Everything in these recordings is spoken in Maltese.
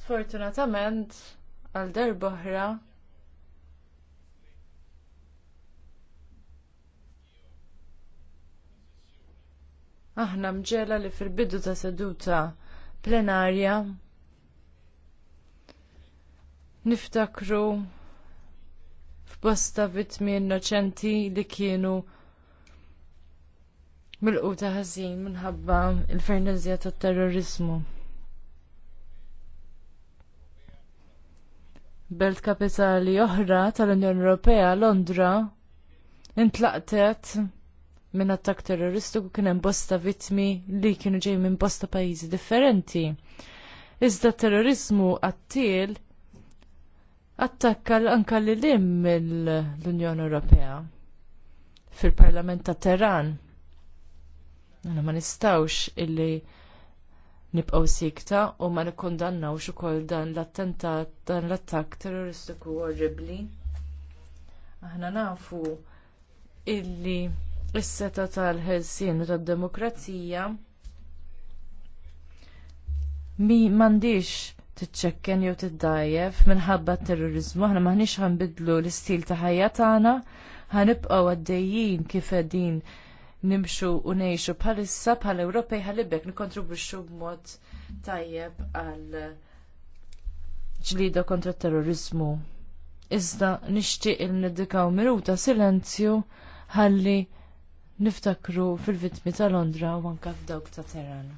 sfortunatament għal darboħra aħna mġela li fil-bidu ta' seduta plenarja niftakru f'bosta vittmi innoċenti li kienu mill-quta ħażin minħabba l-fernizja tat-terrorizmu. belt kapitali oħra tal-Unjoni Ewropea, Londra, intlaqtet minn attak terroristiku kien hemm bosta vittmi li kienu ġej minn bosta pajjiżi differenti. Iżda t terrorizmu għattil attakka anka li lim mill-Unjoni Ewropea fil-Parlament ta' Teheran. Ma nistawx illi nibqgħu sikta u ma nikkundannawx ukoll dan l-attentat dan l-attakk terroristiku orribbli. Aħna nafu illi s-seta tal-ħelsien u tad-demokrazija mi m'għandix titċekken jew tiddajjef minħabba t terrorizmu, aħna maħniex ħanbidlu l-istil ta' ħajja tagħna, ħanibqgħu għaddejjin kif qegħdin nimxu u nejxu bħalissa bħala Ewropej ħalibek nikontribwixxu b'mod tajjeb għal ġlida kontra t terrorizmu. Iżda nixtieq il nidikaw minuta silenzju ħalli niftakru fil-vitmi ta' Londra u anke f'dawk ta' Terran.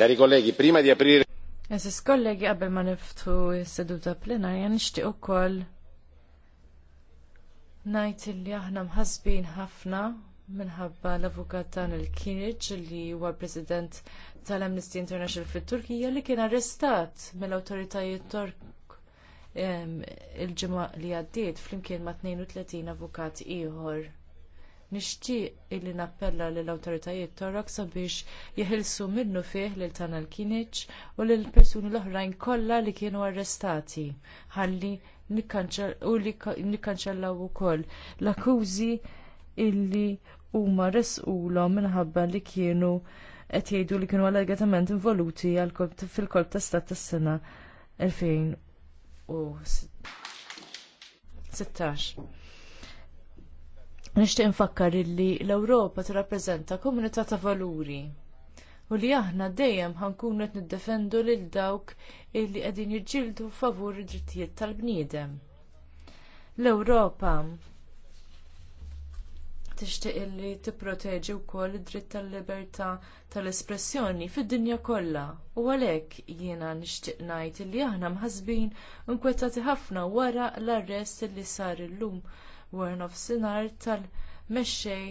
Cari colleghi, prima di aprire. Eżis kollegi qabel ma niftu s-seduta plenarja nixtieq ukoll ngħid li aħna mħasbin ħafna minħabba l-avukat dan il li huwa president tal-Amnesty International fit-Turkija li kien arrestat mill-awtoritajiet Tork il-ġimgħa li għaddiet flimkien ma' 32 avukat ieħor. Nixtieq illi nappella lill awtoritajiet torok sabiex jeħilsu minnu fih lil l Kinic u lil persuni l-oħrajn kollha li kienu arrestati ħalli u li nikkanċellaw ukoll l-akkużi illi huma resqulhom minħabba li kienu qed jgħidu li kienu allegatament involuti fil-kolb ta' stat tas-sena 2016. Nixtieq infakkar illi l-Ewropa tirrappreżenta komunità ta' valuri u li aħna dejjem ħankun qed niddefendu lil dawk illi qegħdin jiġġieldu favur id-drittijiet tal-bniedem. L-Ewropa tixtieq illi tipproteġi wkoll id-dritt tal-libertà tal-espressjoni fid-dinja kollha u għalhekk jiena nixtieq ngħid illi aħna mħassbin inkwetati ħafna wara l-arrest illi sar illum warn of sinar tal-mexxej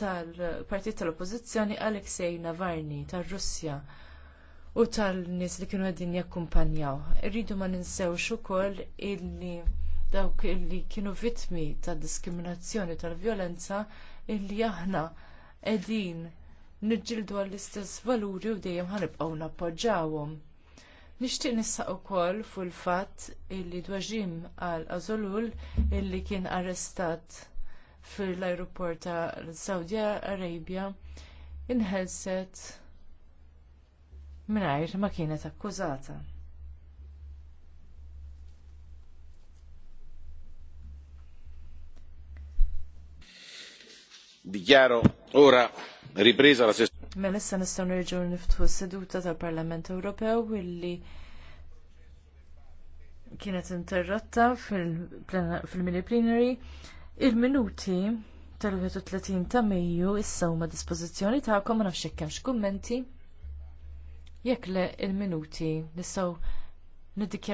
tal-partit tal-oppożizzjoni Alexej Navarni tar-Russja u tal-nies li kienu qegħdin jakkumpanjaw. Irridu ma ninsewx ukoll illi dawk illi kienu vittmi tad diskriminazzjoni tal-vjolenza illi aħna qegħdin niġġieldu għall-istess valuri u dejjem ħanibqgħu nappoġġawhom. Nixtieq nissaq ukoll fuq il-fatt illi dwaġim għal Azolul illi kien arrestat fl-ajruport ta' Saudi Arabia inħelset mingħajr ma kienet akkużata. Dichiaro ora ripresa la sessione. Mela issa nistgħu nerġgħu niftħu s-seduta tal-Parlament Ewropew illi kienet interrotta fil-mini plenary. Il-minuti tal-31 ta' Mejju issa huma dispożizzjoni tagħkom ma nafx hekk hemmx kummenti. Jekk le il-minuti nistgħu niddikjaraw